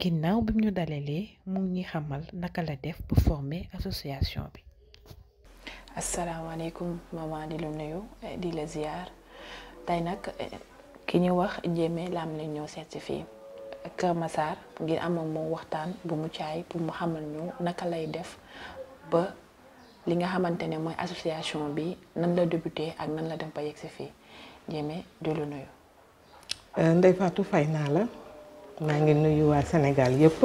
ginnaaw bi ñu dalalee mu ngi xamal naka la def bu former association bi. asalaamaaleykum maman di lu nuyu eh, di la ziar tey nag eh, ki ñu wax Ndiémé Lam la ñoo seet fii Kër Massar ngir am ak moom waxtaan bu mu caay pour mu xamal ñu naka lay def ba li nga xamante ne mooy association bi nan la débuté ak nan la def ba yegg si fii Ndiémé di lu nuyu. Euh, Ndeye Fatou fay naa la. Je suis nuyu Sénégal yëpp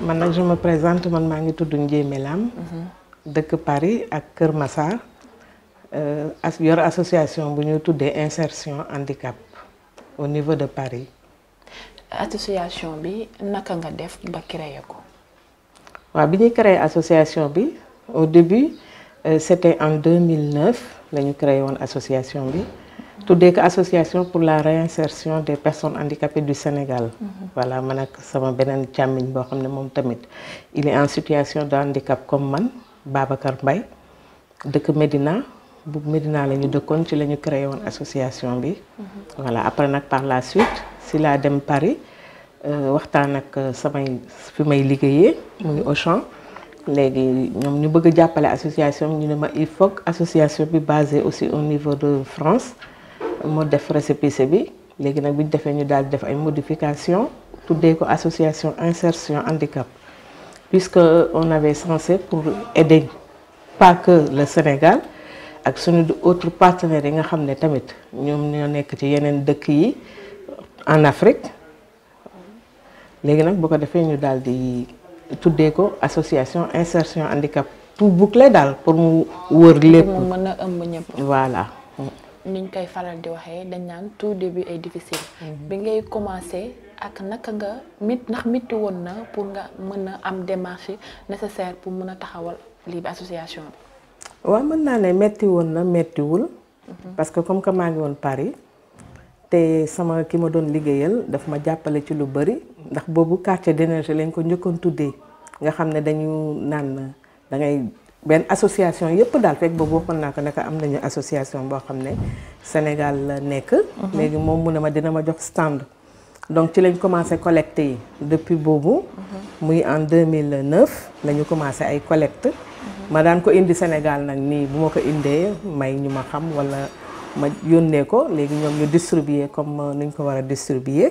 man je me présente man mangi ngi tudd Ndiémé De Paris à Kër Massar euh, as yor association bu ñu tuddee insertion handicap au niveau de Paris. association bi naka nga def ba créer ko. créé bi au début euh, c'était en 2009 la ñu créé l'association. association tout ko association pour la réinsertion des personnes handicapées du Sénégal. Mhm. voilà je suis sama beneen càmmiñ boo il est en situation de handicap comme moi, Babacar Mbaye De Médina bu Médina la créé une association mhm. voilà après par la suite si laa à Paris euh, waxtaan ak euh, samay fi may liggéeyee muy Nous mhm. avons ñoom ñu bëgg a association ñu il faut association basée aussi au niveau de France mo def récépissé bi légui nak bi défé ñu daal def ay modification tout ko association insertion handicap puisque on avait censé pour aider pas que le Sénégal ak d'autres partenaires yi nga xamné tamit ñom ñoo nekk ci yenen dëkk yi en Afrique légui nak bu ko défé ñu daal di ko association insertion handicap tout boucler dal pour mu wër lépp voilà niñ koy faral di waxee dañ naan tout début est difficile. Mhm. bi ngay commencé ak naka nga mit ndax mitti woon na pour nga mën a am démarché nécessaire pour mën a taxawal lii bi association bi. waaw mën naa ne metti woon na mettiwul. Mhm. parce que comme que maa ngi woon Paris. te sama ki ma doon liggéeyal daf ma jàppale ci lu bari. ndax boobu quartier d'énergie lañ ko njëkkoon tuddee. nga xam ne dañu naan da ngay benn association yëpp daal fekk boobu waxoon naa ko naka am nañu association boo xam ne Sénégal la nekk. Mhm. léegi moom mu ne ma dina ma jox stand. donc ci lañ commencé collecte yi depuis boobu. Mhm. muy en 2009 la ñu commencé ay collecte. Mhm. ma daan ko indi Sénégal nag nii bu ma ko indee may ñu ma xam walla ma yónnee ko léegi ñoom ñu distribuer comme euh, nuñ ko war a distribuer.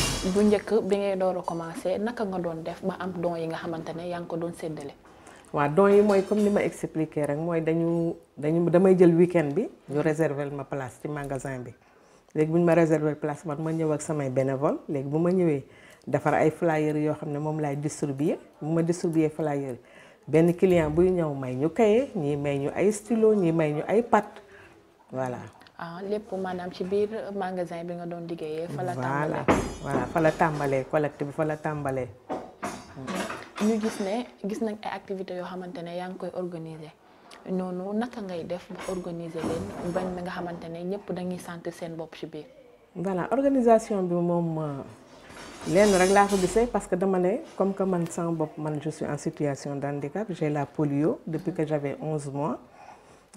bu njëkk bi ngay door a commencé naka nga doon def ba am don yi nga xamante ne yaa ngi ko doon séddale. waa don yi mooy comme ni ma expliqué rek mooy dañu dañu damay jël weekend bi ñu réserver ma place ci magasin bi léegi bu ñu ma réserver place man ma ñëw ak samay bénévole léegi bu ma ñëwee defar ay flyers yoo xam ne moom laay distribuer bu ma distribuer flyers benn client buy ñëw may ñu kaye ñii may ñu ay stylo ñii may ñu ay pâte voilà. ah lépp maanaam ci biir magasin bi nga doon liggéeyee. fa la tàmbalee voilà fa la tàmbalee collecte bi fa la tàmbalee. ñu gis ne gis nañ ay activités yoo xamante ne yaa ngi koy organiser noonu naka ngay def ba organiser leen bañ na nga xamante ne ñëpp dañuy sentir seen bopp ci biir. voilà organisation bi moom lenn rek laa ko gisee parce que dama ne comme que man sans bopp man je suis en situation d'handicap j'ai la polio depuis que j'avais 11 mois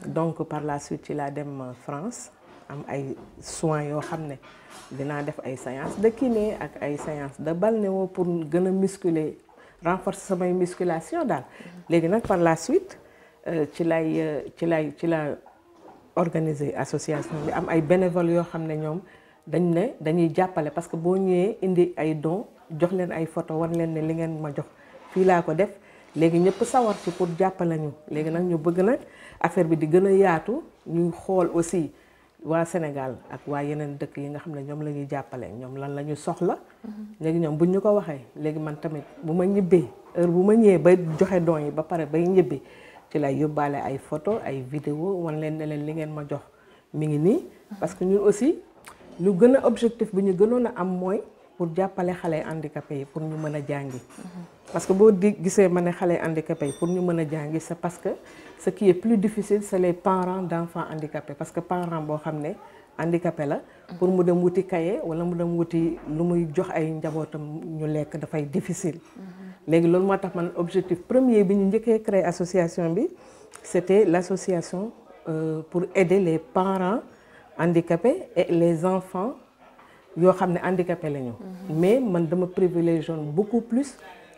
donc par la suite ci laa dem euh, France am ay soins yo xamné dina def ay séances de kiné ak ay séances de balnéo pour gëna a musculer renforcer samay musculation dal léegi nag par la suite euh, ci lay euh, ci lay ci la organiser association bi am ay bénévoles yo xamné ñom dañ né dañuy jappalé parce que bo ñëwé indi ay dons jox leen ay photo war leen né li ngeen ma jox fi la ko def léegi ñëpp sawar ci pour jàppale ñu léegi nag ñu bëgg nag affaire bi di gën a yaatu ñuy xool aussi waa Sénégal ak waa yeneen dëkk yi nga xam ne ñoom lañuy ñuy jàppale ñoom lan la ñu soxla. Mhm. léegi ñoom buñ ñu ko waxee léegi man tamit bu ma ñibbee heure bu ma ñëwee bay joxe don yi ba pare bay ñibbi ci lay yóbbaale ay photo ay vidéo wan leen ne leen li ngeen ma jox mi ngi nii. Mhm. parce que ñun aussi ñu gën a objectif bu ñu gënoon a am mooy pour jàppale xale handicapé yi pour ñu mën a jàngi. Mhm. parce que si di gisee les enfants pour nous mën c'est parce que ce qui est plus difficile c'est les parents d'enfants handicapés parce que les parents qui handicapé pour mu dem wuti kaye wala mu dem wuti lu jox ay njabootam ñu difficile léegi objectif premier bi ñu créer association c'était l'association euh, pour aider les parents handicapés et les enfants qui sont handicapés mhm. mais je privilégie beaucoup plus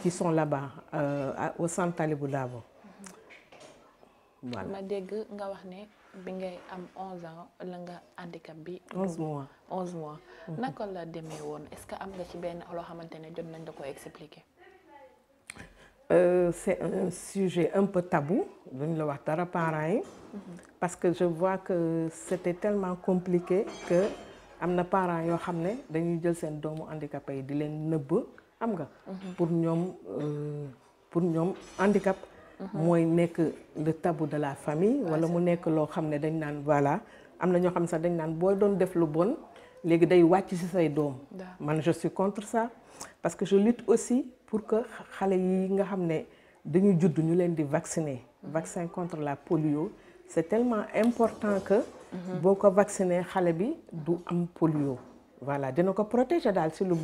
qui sont là-bas euh, au centre Talibou Dabo. voilà ma dégg nga wax ne bi ngay am 11 ans la nga handicap bi. 11 mois 11 mois. Mhm. naka la demee woon est-ce que am nga ci benn loo xamante jot nañ la ko expliquer. Euh, c'est un sujet un peu tabou duñ la wax dara parents yi. Mhm. parce que je vois que c'était tellement compliqué que am na parents yoo xam ne dañuy jël seen doomu handicapé yi di leen nëbb xam nga. Mhm. pour ñoom euh, pour ñoom handicap. Mhm. mooy nekk le tabou de la famille. wala mu nekk loo xam ne dañ naan voilà am na ñoo xam sax dañ naan boo doon def lu bon léegi day wàcc ci say doom. man je suis contre ça parce que je lutte aussi pour que xale yi nga xam ne dañu judd ñu leen di vacciner. Mhm. vaccin contre la polio c'est tellement important que. boo ko vacciner xale bi du am polio voilà nous ko protéger daal si lu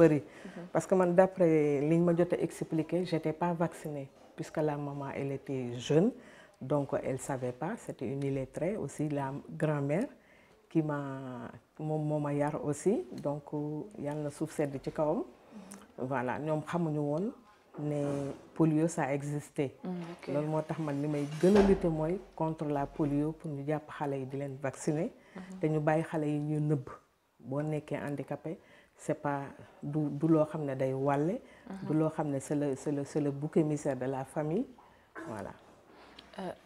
parce que d'après ce que je t'ai expliqué je n'étais pas vaccinée puisque la maman elle était jeune donc elle ne savait pas c'était une illettrée aussi la grand-mère qui ma mon moo aussi donc il y a un sedd de kawam. voilà nous savons que le polio ça existait. Donc, mm, moo man li may lutter contre la polio pour que nous puissions yi vaccinés vacciner. Mm-hmm. te ñu bàyyi yi boo est handicapé c'est pas du du lo xamné day walé du lo xamné c'est le c'est le c'est le bouc émissaire de la famille voilà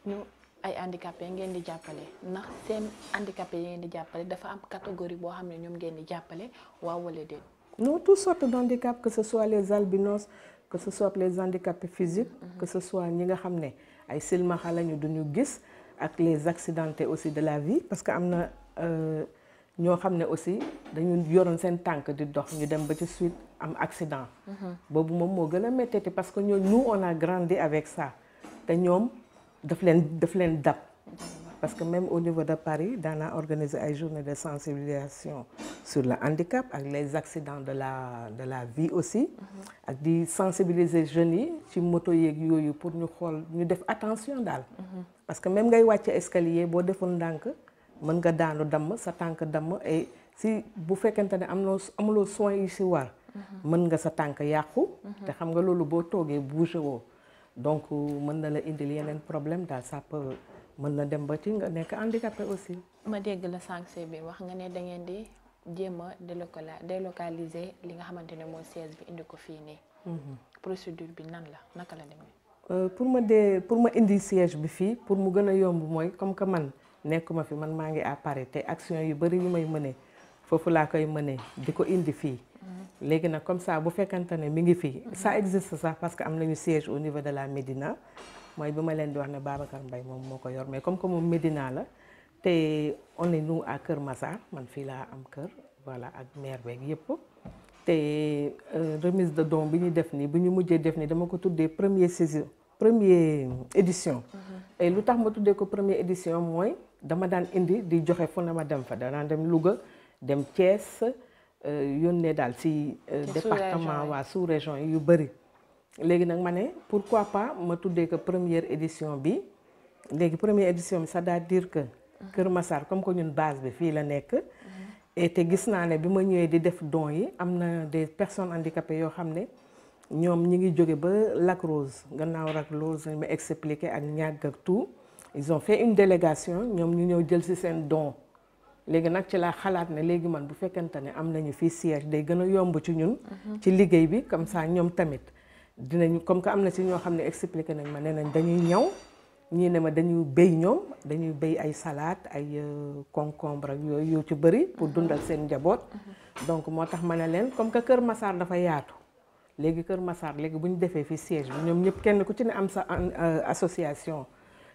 nous, euh, ay handicapé ngeen di jàppale ndax seen handicapé yi ngeen di jàppale dafa am catégorie bo xamné ñom ñoom ngeen di jàppale waaw wala non tout sorte d'handicap que ce soit les albinos que ce soit les handicapés physiques mhm. que ce soit ñi nga xamné ne ay silmaxa lañu duñu gis ak les accidentés aussi de la vie parce que amna euh, ñoo xam ne aussi dañu yoroon seen tànk di dox ñu dem ba ci suite am accident. Mhm. boobu moom moo gën a métti parce que nous on a grandi avec ça te ñoom daf leen daf leen dab. parce que même au niveau de Paris a organisé ay journées de sensibilisation sur le handicap ak les accidents de la de la vie aussi. Mhm. ak di sensibiliser jeunes yi ci moto yeeg yooyu pour ñu xool ñu def attention daal. Mhm. parce que même ngay wàcce escalier boo deful ndànk. mën nga daanu damm sa tànk damm et si bu fekkente ne am loo amuloo soin yi si war mhm. mën nga sa tànk yàqu mhm. te xam nga loolu boo toogee bougé woo donc mën na la indil yeneen problème daal ça mën na dem ba ci nga nekk handicapé aussi ma dégg la sànq bi wax nga ne da ngeen di jéem a délocaliser li nga xamante ne mooy siège bi indi ko fii nii mhm. procédure bi nan la naka la demee euh, pour ma dee pour ma indi siège bi fii pour mu gën a yomb mooy comme que man nekkuma fi man mangi ngi à Paris action yu bari yu may mené fofu la koy mené diko indi fi mhm. légui nak comme ça bu fekkante mi ngi fii ça mhm. existe ça parce que am nañu siège au niveau de la Médina moy bima len di wax né Babacar mbay mom moko yor mais comme comme Médina la Té on est nous à cœur Massar man fi la am cœur voilà ak maire beeg yépp té euh, remise de dons bi ñu def ni bu ñu mujjee def ni dama ko tuddé premier saison premier édition mhm. et lutax tax ma tuddee ko première édition moy dama daan indi di joxe fu na ma dem fa danaa dem Louga dem Thiès euh, yónnee daal si euh, département waa sous région yu bëri léegi nag ma ne pourquoi pas ma tuddee que première édition bi léegi première édition bi ça veut dire que Kër Massar comme que ñun base bi fii la nekk et te gis naa ne bi ma ñëwee di def don yi am na des personnes handicapées yoo xam ne ñoom ñi ngi jóge ba Lac Rose gannaaw Lac Rose ma expliqué ak ñàgg ak tout ils ont fait une délégation ñom ñu ñeu jël ci sen don légui nak ci la xalat né légui man bu fekkentane am nañu fi siège day gëna yomb ci ñun. Mhm. ci liggéey bi comme ça ñom tamit dinañu comme que amna ci ño xamné expliquer nañ ma né nañ dañuy ñaw ñii ne ma dañuy béy ñom dañuy béy ay salade ay euh, concombre ak yoy yu ci bari pour mhm. dundal sen jabot mhm. donc motax tax ma comme que Kër Massar dafa yaatu. légui Kër Massar légui bu défé fi siège ñom ñoom ñëpp kenn ku ci ne am sa euh, association.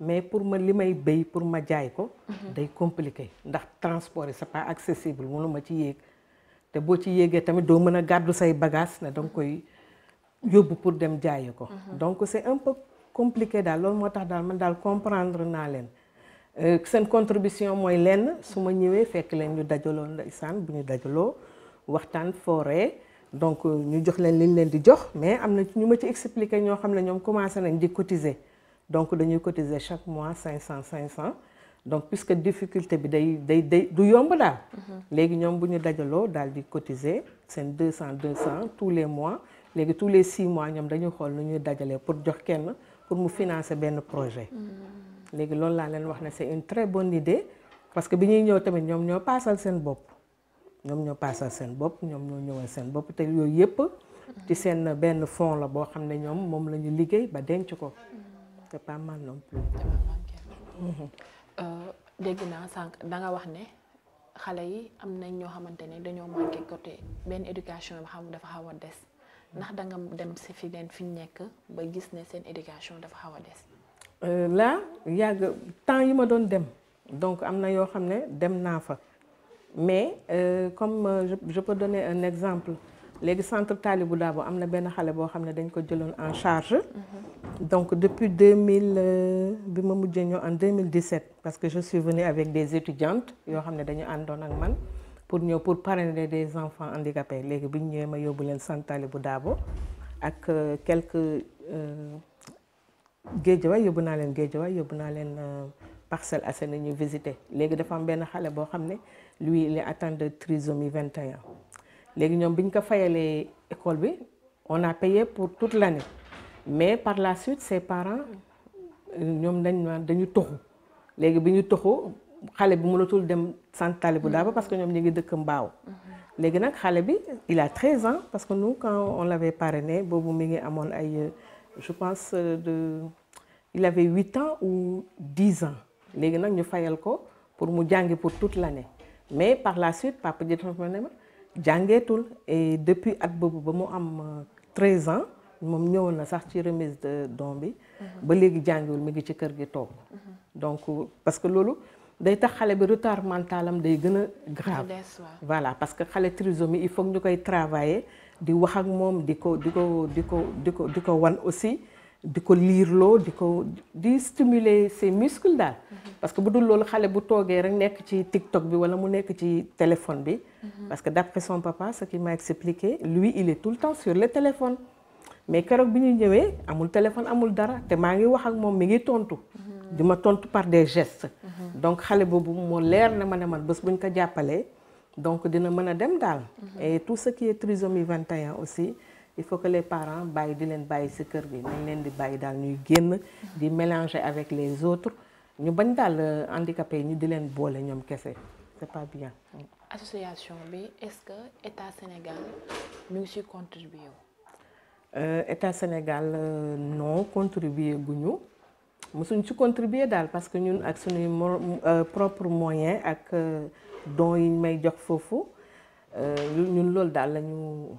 mais pour ma li may béy pour ma jaay ko. Mhm. day compliqué ndax transport c'est pas accessible mënuma ci yéeg. te boo ci yéegee tamit doo mën a gàddu say bagages na danga koy yóbbu pour dem jaayi ko. Mhm. donc c'est un peu daal loolu moo tax daal man daal comprendre naa leen. Euh, seen contribution mooy lenn su ma ñëwee fekk leen ñu dajaloo ndeysaan bu ñu dajaloo waxtaan forêt donc euh, ñu jox leen liñ leen di jox mais am na ñu ma ci expliquer ñoo xam ne ñoom commencé nañ di cotiser. donc dañuy cotiser chaque mois 500 500 donc puisque difficulté bi day day du yomb dal mhm. légui ñom buñu dajalo dal di cotiser c'est 200 200 tous les mois légui tous les 6 mois ñom dañuy xol nu ñuy pour jox kenn pour mu financer ben projet. Mhm. légui lool la leen wax c'est une très bonne idée parce que bi ñëw tamit ñom ñoo passal sen bop ñom ñoo passal sen bop ñom ñoo ñëwal sen bop té yoy yépp mhm. ci sen benn fond la bo xamné ñom mom lañu la liggéey ba denc ko c'est pas mal non plus. Euh, dégg naa sànq da nga wax ne xale yi am nañ ñoo xamante ne dañoo manqué côté ben éducation ba xam dafa xaw a des ndax da nga dem si fi leen fi nekk ba gis ne seen éducation dafa xaw a des. Euh, là yàgg temps yi ma doon dem donc am na yoo xam ne dem naa mais euh, comme euh, je peux donner un exemple. Les centre Talibou Dabo am na benn xale boo xam ne dañ ko en charge donc depuis 2000 euh, bi en 2017 parce que je suis venue avec des étudiantes yo xam dañu àndoon ak man pour ñeu pour parrainer des enfants handicapés Les bi ñu ma yóbbu leen centre Talibou Dabo ak euh, quelques Guédiawaye yóbbu naa len Guédiawaye yóbbu naa leen euh, Parcelles Assainies ñu visiter. léegi dafa am ben xalé bo xamné lui il est atteint de trisomie 21 les ñoom bi ñu ko fayalee école bi on a payé pour toute l'année mais par la suite ses parents ñoom dañ naan dañu toxu léegi bi ñu toxu xale bi mënatul dem centre Talibou mm. Daba parce que ñoom ñu ngi dëkk Mbaaw. Mm-hmm. léegi nag xale bi il a 13 ans parce que nous quand on l'avait parrainé boobu mi ngi amoon ay je pense de il avait 8 ans ou 10 ans léegi nag ñu fayal ko pour mu pour toute l'année mais par la suite papa dit jàngeetul et depuis at boobu ba mu am 13 euh, ans mom ñëwoon na sax ci remise de don bi. Mhm. ba légui jangewul mi ngi ci kër gi tok mhm. donc euh, parce que lolu day tax xale bi retard mental am day gëna grave. voilà parce que xalé trisomie il faut ñukay travailler di wax ak mom diko diko diko diko di wan aussi di ko liirloo di ko stimuler ses muscles dal mhm. parce que bu dul loolu xale bu togué rek nek ci TikTok bi wala mu nek ci téléphone bi. Mhm. parce que d'après son papa ce qu'il m'a expliqué lui il est tout le temps sur le téléphone. mais quand on ñëwé amul téléphone amul dara té ma ngi wax ak mom mi ngi tontu. Mhm. dima tontu par des gestes. donc xalé bobu mo leer na ma man bés buñ ko jappalé donc dina mëna dem dal et tout ce qui est trisomie 21 aussi il faut que les parents bàyyi di leen bàyyi si kër bi nañ leen di bàyyi daal ñuy di mélanger avec les autres ñu bañ daal euh, handicapé yi ñu di leen boole ñoom kese c'est pas bien. association bi est-ce que état Sénégal nous ngi siy contribuer euh, état Sénégal euh, non contribuer guñu nous si contribuer daal parce que ñun ak propres propre moyen ak dons yi may jox foofu ñun loolu lañu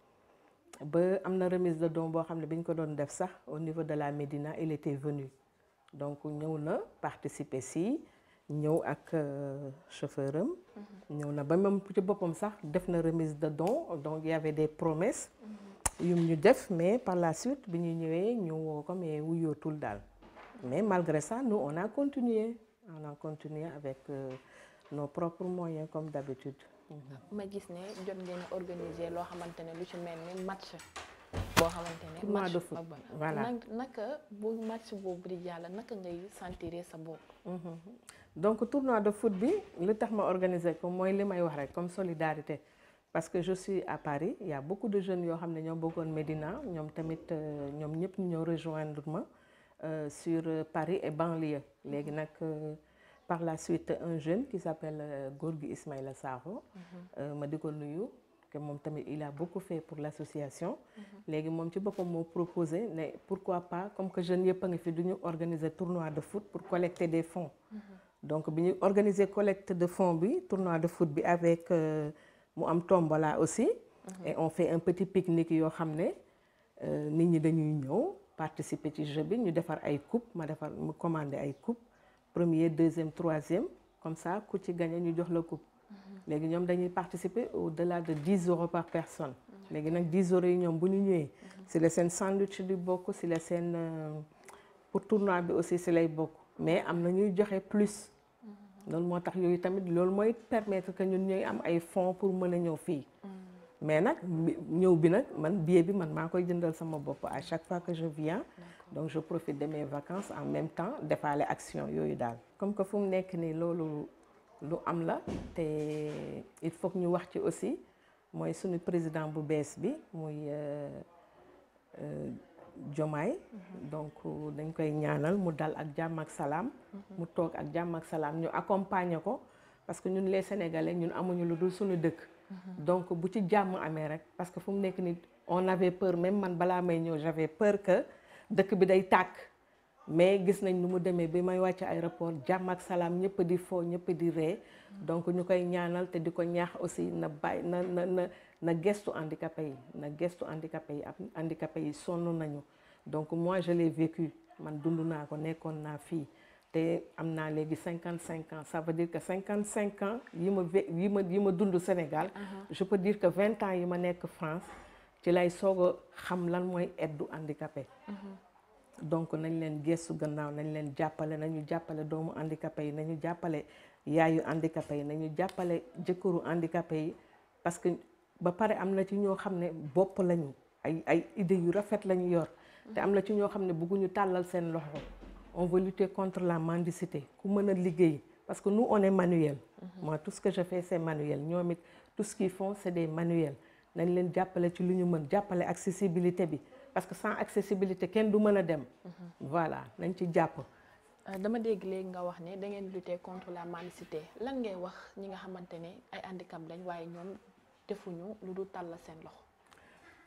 ba am na remise de dons boo xam ne au niveau de la Médina il était venu donc est na participer si ñëw ak euh, chauffeur am. Mhm. ñëw na ba moom ci boppam sax def na remise de dons donc il y avait des promesses. Mhm. yu ñu def mais par la suite bi ñu ñëwee ñu woo ko mais le dal. mais malgré ça nous on a continué on a continué avec euh, nos propres moyens comme d'habitude je suis mhm. tournoi de foot je suis comme solidarité parce que je suis à Paris il y a beaucoup de jeunes qui ont venus me Médina euh, rejoindre euh, sur Paris et banlieue par la suite un jeune qui s'appelle euh, Gorgui Ismail Sakho mhm. euh, ma il a beaucoup fait pour l'association mhm. Il m'a proposé mais pourquoi pas comme que je n'y ai pas, fi du organiser tournoi de foot pour collecter des fonds mhm. donc bi organisé organiser collecte de fonds bi tournoi de foot avec euh, mu am tombola aussi et on fait un petit pique-nique yoo xam participé nit ñi dañuy participer jeu bi ñu fait ay coupe ma defar mu commander ay coupe premier, deuxième, troisième. Comme ça, si tu gagnes, nous donnons la coupe. Mm -hmm. Nous participer au-delà de 10 euros par personne. Mm -hmm. 10 euros, nous avons gagné. C'est la scène sandwich du Boko, c'est la scène euh, pour tournoi aussi, c'est la Boko. Mais nous avons plus. Donc avons gagné plus. Nous avons permettre que nous avons des fonds pour nous gagner. Mm -hmm. Mais nous avons gagné plus. Je suis venu à chaque fois que je viens donc je profite de mes vacances en même temps faire action actions daal comme que fum nek ni nii lu am la te il faut que ñu wax ci aussi moy suñu président bu bess bi euh, euh Diomaye mm-hmm. donc dañ koy ñaanal mu dal ak jàmm ak salaam mm-hmm. mu tok ak jàmm ak salaam ñu accompagner ko parce que ñun les Sénégalais ñun amuñu lu dul suñu dëkk mm-hmm. donc bu ci jàmm amé rek parce que fum nek ni on avait peur même man bala may ñëw j'avais peur que dëkk bi day tàkk mais gis nañ nu mu demee bi may wàcc aéroport jàmm ak salaam ñëpp di foo ñëpp di ree donc ñu koy ñaanal te di ko ñaax aussi na bàyyi na na na na gestu handicapé yi na gestu handicapé yi handicapé yi sonn nañu donc moi je l'ai vécu man dund naa ko nekkoon naa fii te am naa léegi cinquante ans ça veut dire que 55 ans yi ma yi ma yi ma dund Sénégal uh-huh. je peux dire que 20 ans yi ma nekk France ci lay soog xam lan handicapé mm-hmm. donc nañ leen gestu gannaaw nañ leen jàppale nañu jàppale doomu handicapé yi nañu handicapé yi nañu handicapé parce que ba pare am ci ñoo xam ne bopp ay ay idées yu rafet yor mm-hmm. ci ne on veut lutter contre la mendicité ku mën a parce que nous on est manuel mm-hmm. moi tout ce que je fais c'est manuel tout ce qu'ils font c'est des manuels nañ leen jàppale ci lu ñu mën jàppale accessibilité bi parce que sans accessibilité kenn du mën a dem. Mm-hmm. voilà nañ ci jàpp. Euh, dama dégg léegi nga wax ne da ngeen lutter contre la mendicité lan ngay wax ñi nga xamante ne ay handicap lañ waaye ñoom defuñu lu dul tàll seen loxo.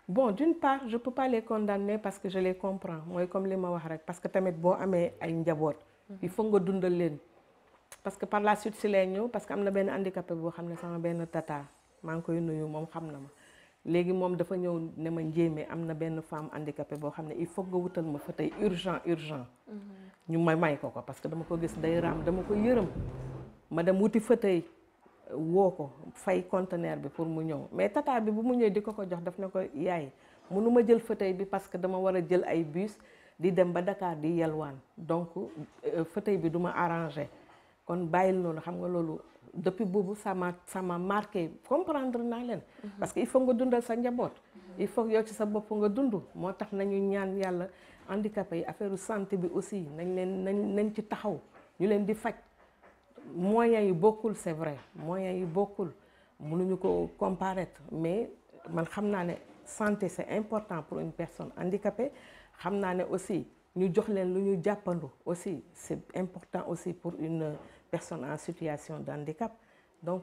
bon d'une part je peux pas les condamner parce que je les comprends mooy comme li ma wax rek parce que tamit boo amee ay njaboot. Mm-hmm. il faut nga dundal leen. parce que par la suite si lay ñëw parce que am na benn handicapé boo xam ne sama benn tata maa ngi koy nuyu moom xam na ma léegi mom dafa ñew ne ma njéeme am benn femme handicapée bo xamné il faut nga wutal ma fa urgent urgent mhm. ñu may may ko ko parce que dama ko gis day ram dama ko yërëm ma dem wuti fauteuil woo ko fay conteneur bi pour mu ñew mais tata bi bu mu ñew di ko ko jox daf na ko yaay mënuma jël fauteuil bi parce que dama wara jël ay bus di dem ba Dakar di yelwaan donc euh, fauteuil bi duma arranger kon bayil noonu xam nga lolu depuis boobu ça m'a ça m'a marqué comprendre naa leen. Mhm. parce que il faut nga dundal sa njaboot. Mhm. il faut yow ci sa bopp nga dund moo tax nañu ñaan yàlla handicapé yi affaire santé bi aussi nañ leen nañ nañ ci taxaw ñu leen di faj moyens c'est vrai moyens yi bokkul mënuñu ko comparer. mais man xam naa santé c'est important pour une personne handicapée xam naa aussi ñu jox leen lu ñu aussi c'est important aussi pour une personnes en situation d'handicap, donc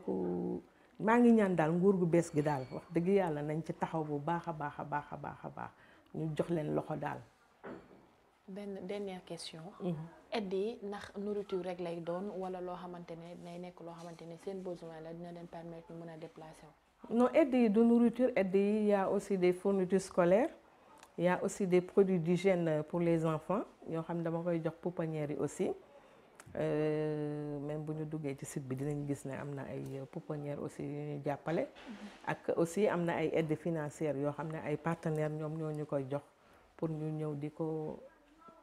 mangi ngi ñaan daal nguur gu bees gi daal wax dëgg yàlla nañ ci taxaw bu baax a baax a baax ñu jox leen loxo daal. benn dernière question. aide mhm. yi nourriture rek lay doon wala loo xamante ne day nekk loo xamante ne seen besoin la dina leen permettre ñu mën a déplacer non aide de nourriture aide il y a aussi des fournitures scolaires il y a aussi des produits d'hygiène pour les enfants yoo xam ne dama koy jox pouponnières yi aussi. Euh, même bu ñu duggee ci site bi dinañ gis ne am na ay pouponnières aussi yu ñuy jàppale. ak aussi am na ay aides financières yoo xam ne ay partenaires ñoom ñoo ñu koy jox pour ñu ñëw di ko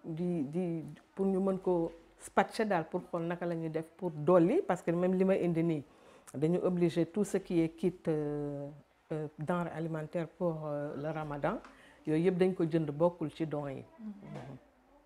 di di pour ñu mën ko spatcher daal pour xool naka la ñuy def pour dolli parce que même li ma indi nii dañu obligé tout ce qui est kit euh, euh, denrée alimentaire pour le Ramadan yooyu yëpp dañ ko jënd bokkul ci dons yi. Mhm. Mhm.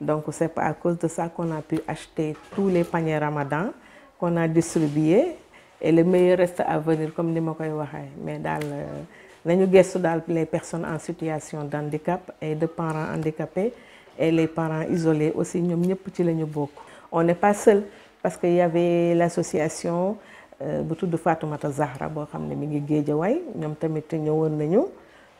Donc c'est à cause de ça qu'on a pu acheter tous les paniers ramadan qu'on a distribués et le meilleur reste à venir comme nous le koy mais nous sommes dans les personnes en situation de handicap et de parents handicapés et les parents isolés aussi nous, sommes ci les on n'est pas seul parce qu'il y avait l'association « de de Fatou Fatoumata Zahra qui xam été mi ngi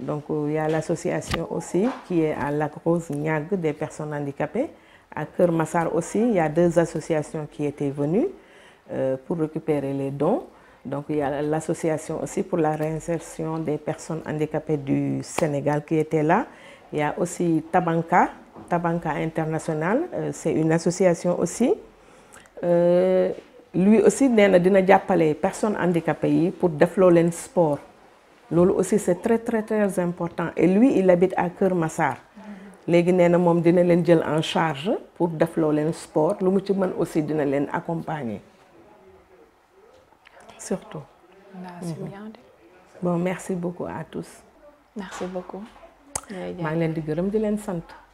donc, euh, il y a l'association aussi qui est à la Grosse Niag des personnes handicapées. À Kermassar aussi, il y a deux associations qui étaient venues euh, pour récupérer les dons. Donc, il y a l'association aussi pour la réinsertion des personnes handicapées du Sénégal qui était là. Il y a aussi Tabanka, Tabanka International, euh, c'est une association aussi. lui aussi, il y a des personnes handicapées pour faire le sport. Lolo aussi c'est très très très important et lui il habite à Kër Massar léegi nee na dina en charge pour def le sport lu mu ci aussi dina leen accompagner surtout. Mhm. bon merci beaucoup à tous. merci beaucoup. maa ngi leen di gërëm di leen sant.